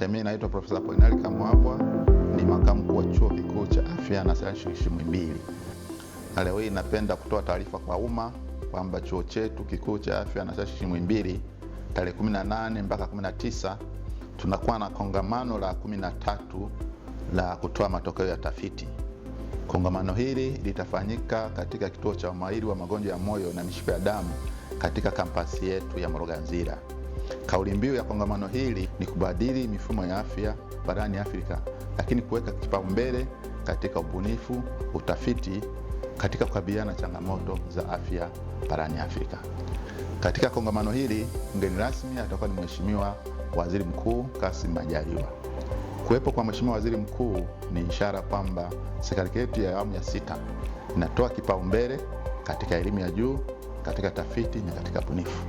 Mimi naitwa Profesa Poinari Kamwapwa, ni makamu mkuu wa Chuo Kikuu cha Afya na Sayansi Shirikishi Muhimbili, na leo hii napenda kutoa taarifa kwa umma kwamba chuo chetu kikuu cha Afya na Sayansi Shirikishi Muhimbili tarehe 18 mpaka 19 tunakuwa na kongamano la 13 la kutoa matokeo ya tafiti. Kongamano hili litafanyika katika kituo cha umahiri wa magonjwa ya moyo na mishipa ya damu katika kampasi yetu ya Mloganzila. Kauli mbiu ya kongamano hili ni kubadili mifumo ya afya barani Afrika, lakini kuweka kipaumbele katika ubunifu, utafiti katika kukabiliana na changamoto za afya barani Afrika. Katika kongamano hili mgeni rasmi atakuwa ni Mheshimiwa Waziri Mkuu Kassim Majaliwa. Kuwepo kwa Mheshimiwa Waziri Mkuu ni ishara kwamba serikali yetu ya awamu ya sita inatoa kipaumbele katika elimu ya juu, katika tafiti na katika bunifu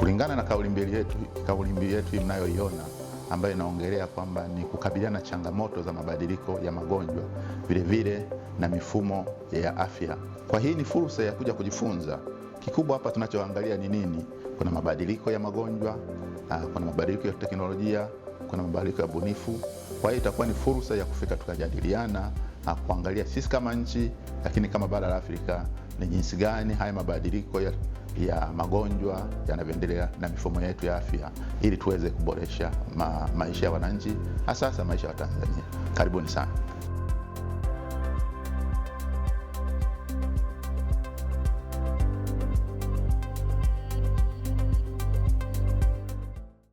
kulingana na kauli mbiu yetu, kauli mbiu yetu mnayoiona ambayo inaongelea kwamba ni kukabiliana na changamoto za mabadiliko ya magonjwa vilevile na mifumo ya afya. Kwa hii ni fursa ya kuja kujifunza. Kikubwa hapa tunachoangalia ni nini? Kuna mabadiliko ya magonjwa, ah, kuna mabadiliko ya teknolojia, kuna mabadiliko ya bunifu. Kwa hiyo itakuwa ni fursa ya kufika tukajadiliana, ah, kuangalia sisi kama nchi, lakini kama bara la Afrika ni jinsi gani haya mabadiliko ya, ya magonjwa yanavyoendelea na mifumo yetu ya afya ili tuweze kuboresha ma, maisha ya wananchi, hasa maisha ya Watanzania. Karibuni sana.